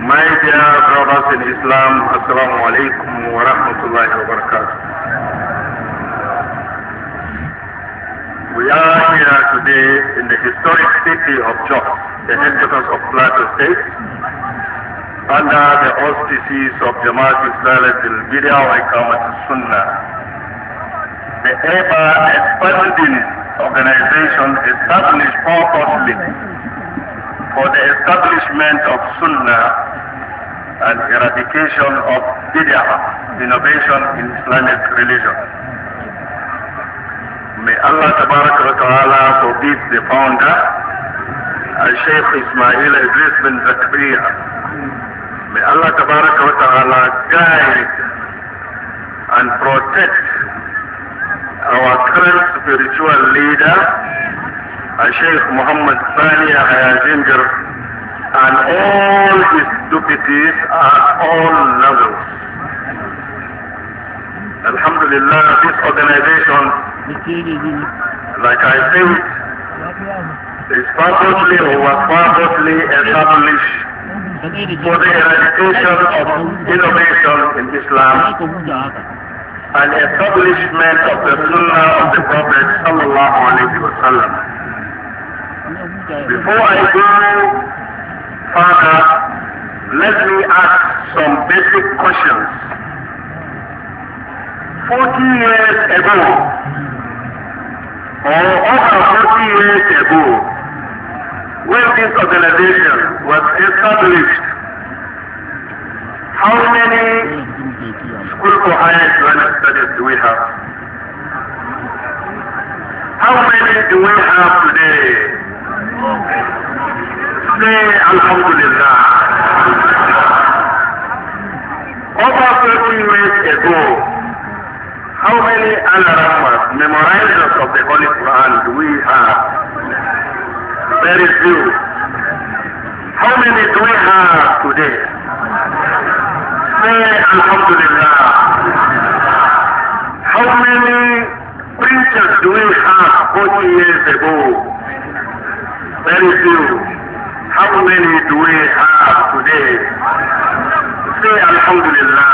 My dear brothers in Islam, Assalamu alaikum wa rahmatullahi wa barakatuh. We are here today in the historic city of Jos, the headquarters of Plateau State, under the auspices of Jamaat Islalat al-Bidya wa Ikamat sunnah the ever-expanding organization established purposely for the establishment of Sunnah and eradication of bid'ah, innovation in Islamic religion. May Allah Ta'ala forgive the founder, Sheikh Ismail Idris bin Zakriya. May Allah Ta'ala guide and protect our current spiritual leader, Sheikh Muhammad Sani Hayajingar, and all his stupidities at all levels. Alhamdulillah, this organization, like I think, is purposely or was purposely established for the eradication of innovation in Islam and establishment of the Sunnah of the Prophet sallallahu alaihi wasallam. Before I go further, let me ask some basic questions. Forty years ago, or over forty years ago, when this organization was established, how many school for higher Islamic studies do we have? How many do we have today? Say Alhamdulillah. What are 13 years ago, how many al memorizers of the Holy Quran do we have? Very few. How many do we have today? Say Alhamdulillah. How many preachers do we have 40 years ago? Very few. How many do we have today? Alhamdulillah.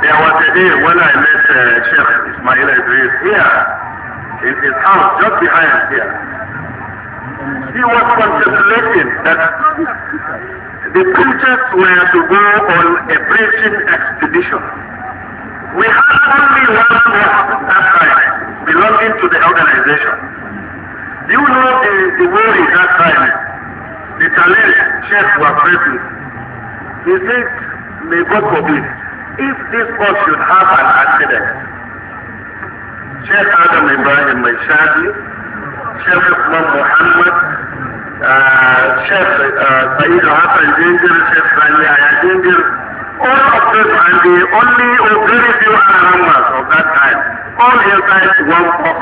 There was a day when I met uh, Sheikh Ismail Idris here, in his house, just behind here. He was contemplating that the preachers were to go on a preaching expedition. We had only one person that time belonging to the organization. You know the, the worry that time, the challenge Sheikh was facing. He said, may God forbid, if this bus should have an accident, Sheikh Adam Ibrahim Maishadi, Sheikh Usman Muhammad, uh, Sheikh uh, Saeed Hassan Ginger, Sheikh Sani Aya all of this and the only or very few animals of that time, all inside one box.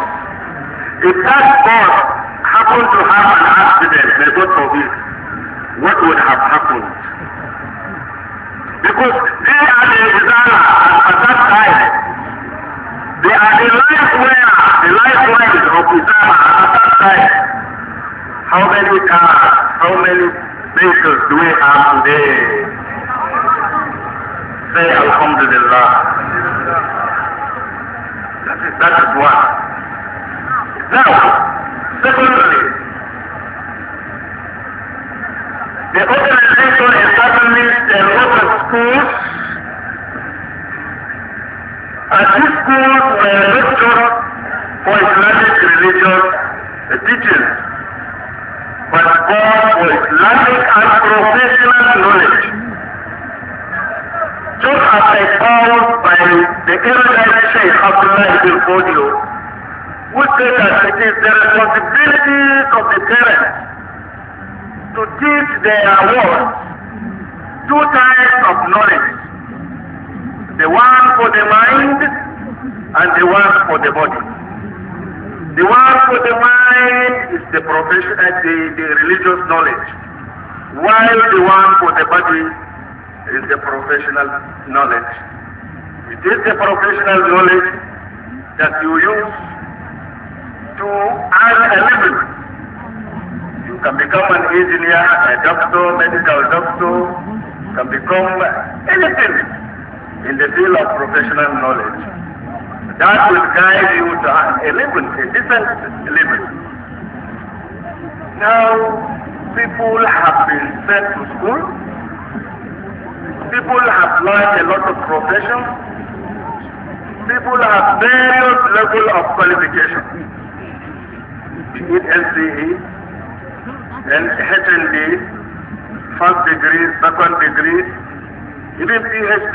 If that bus happened to have an accident, may God forbid, what would have happened? That is one. Now, secondly, the organization established a lot of schools, and these schools were lectures for Islamic religion uh, teachings, but God for Islamic and professional knowledge just as I found by the erudite Sheikh Abdullah ibn Bodio, who said that it is the responsibility of the parents to teach their wards two types of knowledge, the one for the mind and the one for the body. The one for the mind is the profession, uh, the, the religious knowledge, while the one for the body is the professional knowledge. It is the professional knowledge that you use to earn a living. You can become an engineer, a doctor, medical doctor, you can become anything in the field of professional knowledge. That will guide you to a living, a decent living. Now, people have been sent to school People have learned a lot of professions. People have various level of qualification. In LCE and HND, first degree, second degree, even PhD.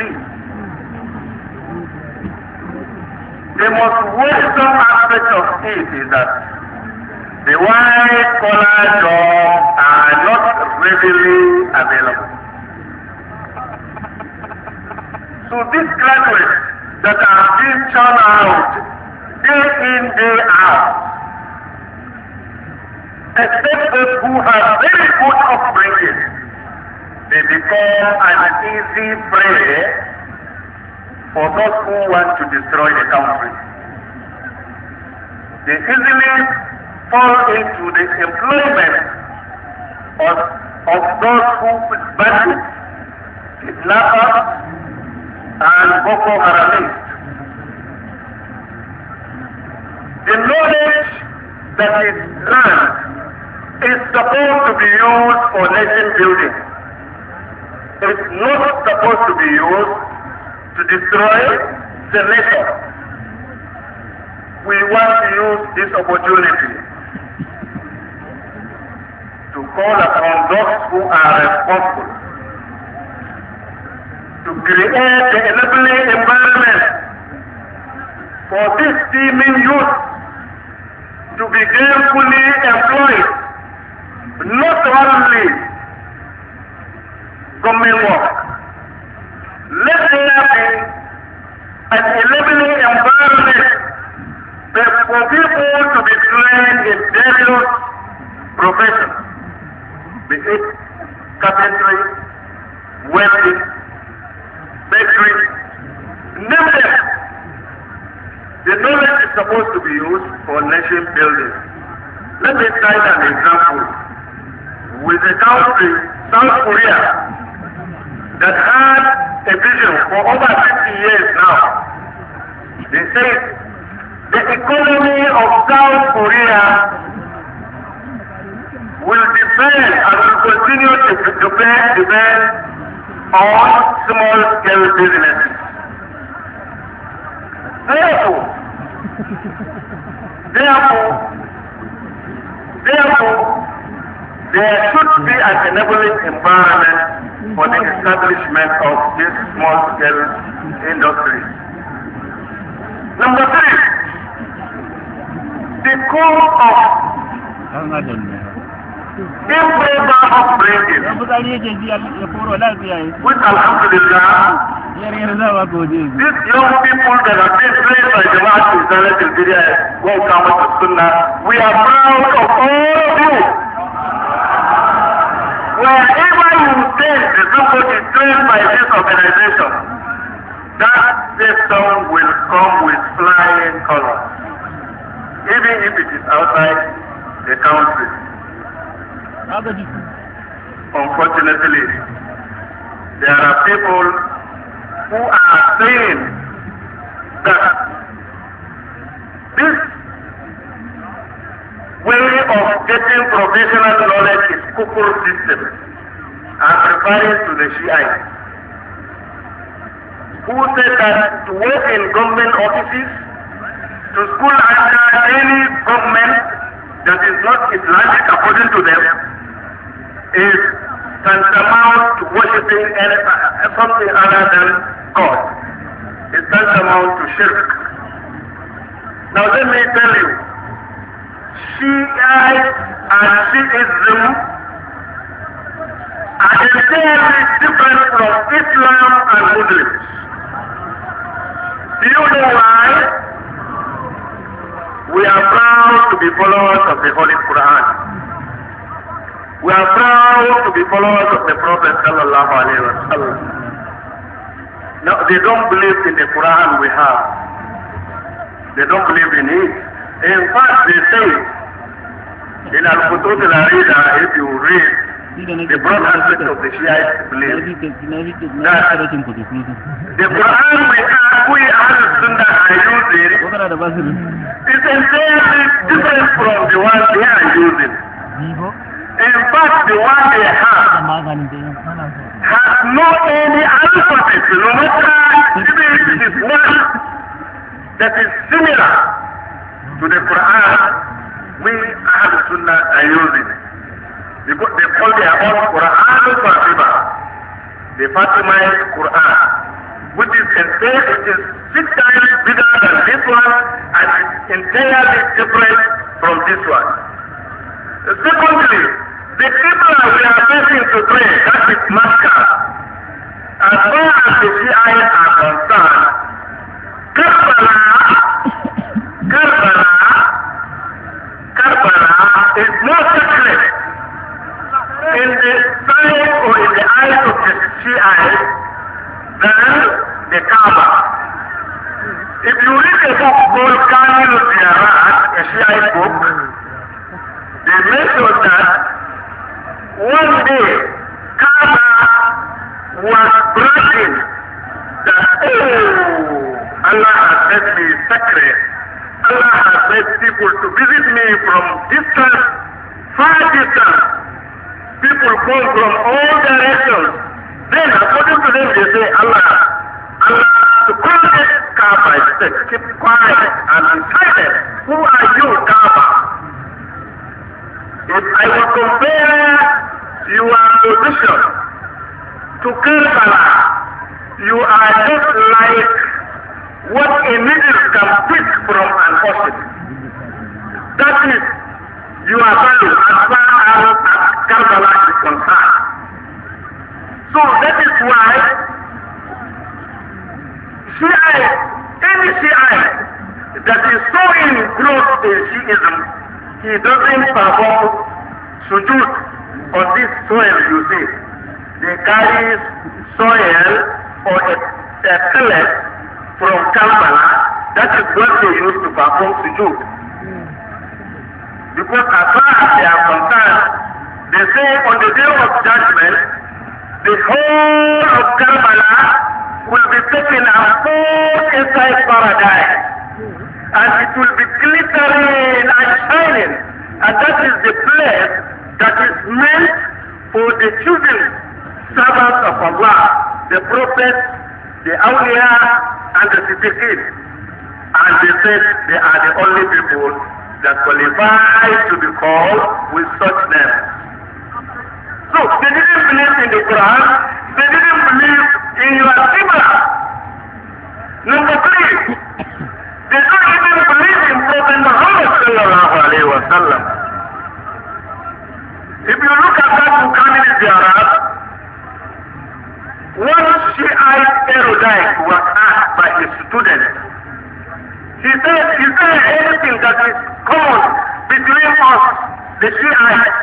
The most worrisome aspect of it is that the white collar jobs are not readily available. to these graduates that are being churned out day in, day out. Except those who have very good upbringing, they become an easy prey for those who want to destroy the country. They easily fall into the employment of, of those who bandits, kidnappers, and Boko Haram. The knowledge that is learned is supposed to be used for nation building. It's not supposed to be used to destroy the nation. We want to use this opportunity to call upon those who are responsible to create an enabling environment for this teeming youth to be gainfully employed, not only government work. Let there be an enabling environment for people to be trained in various professions, be it carpentry, welding, bakery, name The knowledge is supposed to be used for nation building. Let me cite an example with the country, South Korea, that had a vision for over 50 years now. They say the economy of South Korea will depend and will continue to depend àwọn small scale business. Therefore, therefore, therefore, there should be an enabling environment for the establishment of this small scale industry. Number three, the core of If not of praying, which alhamdulillah, these young people that have been trained by Jamaat Islamic Nigeria, go come to Sunnah, we are proud of all of you. Wherever you stand, the is trained by this organization, that system will come with flying colors, even if it is outside the country. Unfortunately, there are people who are saying that this way of getting professional knowledge is kufur system. i referring to the Shiites. Who said that to work in government offices, to school under any government that is not Islamic according to them, is tantamount to worshiping something other than God. It's tantamount to shirk. Now let me tell you, Shiite and Shiism are entirely different from Islam and Muslims. Do you know why? We are proud to be followers of the Holy Quran. We are proud to be followers of the Prophet sallallahu alaihi wasallam. No, they don't believe in the Quran we have. They don't believe in it. In fact, they say in Al-Qutut al-Arida, if you read the broad aspect of the Shiite believe." that the Quran we have, we Ahl-Sunnah are using, is entirely different from the one they are using. In fact, the one they have has no any alphabet, no matter if it is one that is similar to the Quran, we Ahl Sunnah are using it. They call their own Quran Fatima, the Fatimite Quran, which is entailed, it is six times bigger than this one and entirely different from this one. Secondly, The Qibla we are facing today, that is Mecca, as far as the Shiites are concerned, Karbala, Karbala, Karbala is more sacred in the sight or in the eyes of the Shiites than the Kaaba. If you read a book called Kamil Ziyarat, a Shiite book, they mention that one day Kaaba was bragging that, oh, Allah has set me sacred. Allah has made people to visit me from distance, far distance. People come from all directions. Then according to them, they say, Allah, Allah, to call this Kaaba, he said, keep quiet and silent. Who are you, Kaaba? If I will compare your position to Kinsala, you are just like what a needle can pick from an ocean. That is your value as far as Kinsala is concerned. So that is why CI, any CI that is so in growth in Shiism He doesn't perform sujud on this soil, you see. They carry soil or a, a pellet from Kampala. That is what they use to perform sujud. Because as far as they are concerned, they say on the day of judgment, the whole of Kampala will be taken and put inside paradise. And it will be glittering shining, and that is the place that is meant for the chosen servants of Allah, the prophets, the awliya, and the siddiqeen. And they said they are the only people that qualify to be called with such names. So they didn't believe in the Quran, they didn't believe in your Qibla. Number three, they don't even Prophet Muhammad sallallahu alayhi wa sallam. If you look at that Bukhari Ziyarat, one Shiite erudite was asked by his student, he said, is there anything that is common between us, the Shiite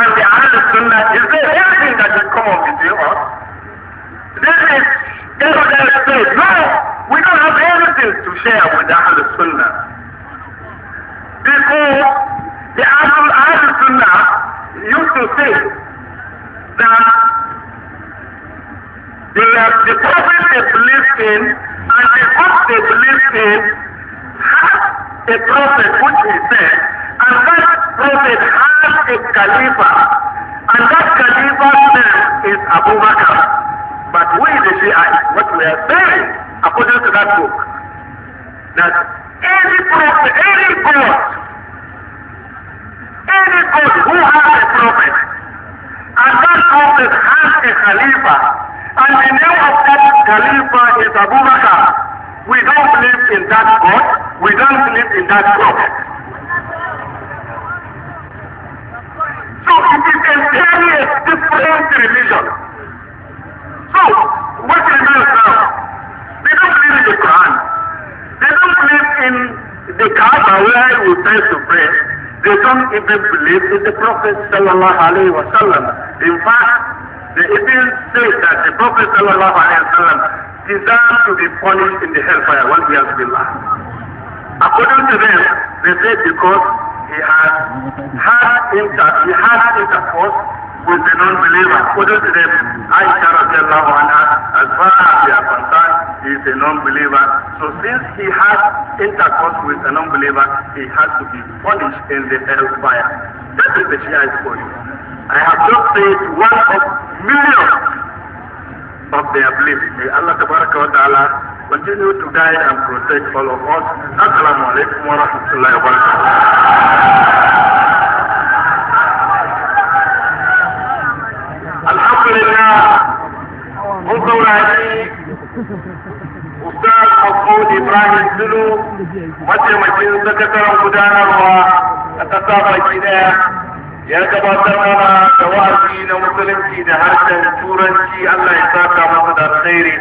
and the Ahlul Sunnah? Is there anything that is common between us? This is erudite said, no, we don't have anything to share with the Ahlul Sunnah. Before, the Ahlul Ahl Sunnah used to say that the, the prophet they believed in and the book they believed in had a prophet which he said, and that prophet had a caliph, and that caliph name is Abu Bakr. But we the Shiites, what we are saying, according to that book, that any prophet, any God Anybody who has a prophet, and that prophet has a Khalifa, and the name of that Khalifa is Abu Bakr, we don't believe in that God, we don't believe in that prophet. So it is entirely a different religion. So, what remains now? They don't believe in the Quran. They don't believe in the Kaaba where we pray to pray. They don't even believe in the Prophet sallallahu alaihi wasallam. In fact, they even say that the Prophet sallallahu alaihi wasallam deserves to be punished in the hellfire when he has been lost. According to them, they say because he has had inter he had intercourse with the non-believer. According to them, Aisha radiallahu anha, as far as they are concerned, he is a non-believer. So since he has intercourse with a non-believer, he has to be punished in the hellfire. That is the Shia is for you. I have just said one of millions of their belief. May Allah Ta'ala continue to guide and protect all of us. Assalamu alaikum wa rahmatullahi wa barakatuh. Alhamdulillah. Mahmud Ibrahim Zulu mataimakin sakataren gudanarwa a ƙasa baki ɗaya ya gabatar mana da wa'azi na musulunci da harshen turanci Allah ya saka masa da alkhairi